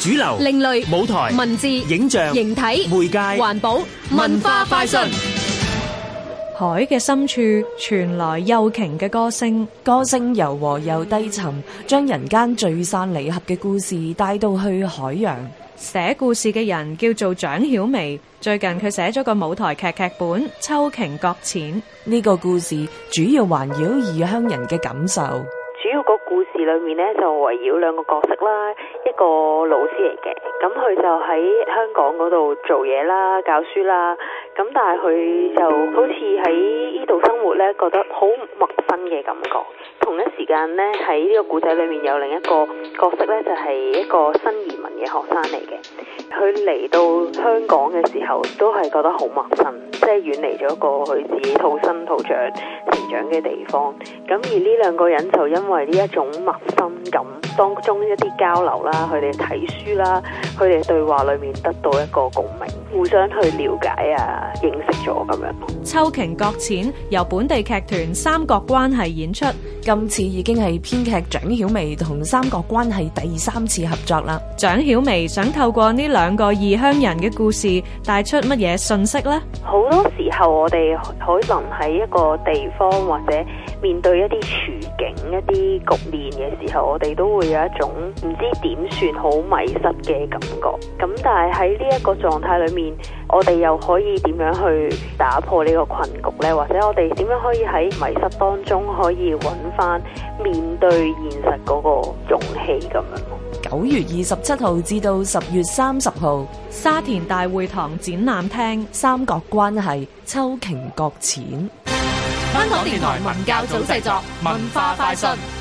主流、另類舞台、文字、影像、形體、媒介、環保、文化快訊。海嘅深處傳來幼鯨嘅歌聲，歌聲柔和又低沉，將人間聚散離合嘅故事帶到去海洋。寫故事嘅人叫做蔣曉薇，最近佢寫咗個舞台劇劇本《秋鯨擱淺》。呢個故事主要環繞異鄉人嘅感受。故事裏面咧就圍繞兩個角色啦，一個老師嚟嘅，咁佢就喺香港嗰度做嘢啦，教書啦，咁但係佢就好似喺呢度生活咧，覺得好陌生嘅感覺。同一時間咧喺呢個故仔裏面有另一個角色咧，就係一個新移民嘅學生嚟嘅，佢嚟到香港嘅時候都係覺得好陌生。即係遠離咗過去自己土生土長成長嘅地方，咁而呢兩個人就因為呢一種陌生感。當中一啲交流啦，佢哋睇書啦，佢哋對話裏面得到一個共鳴，互相去了解啊，認識咗咁樣。《秋鯨擱淺》由本地劇團《三角關係》演出，今次已經係編劇蔣曉薇同《三角關係》第三次合作啦。蔣曉薇想透過呢兩個異鄉人嘅故事，帶出乜嘢信息咧？好多時候我哋可能喺一個地方或者面對一啲處境、一啲局面嘅時候，我哋都會，有一種唔知點算好迷失嘅感覺，咁但係喺呢一個狀態裏面，我哋又可以點樣去打破呢個困局呢？或者我哋點樣可以喺迷失當中可以揾翻面對現實嗰個勇氣咁樣？九月二十七號至到十月三十號，沙田大會堂展覽廳《三角關係》，鞦韆擱淺，香港電台文教組製作文化快訊。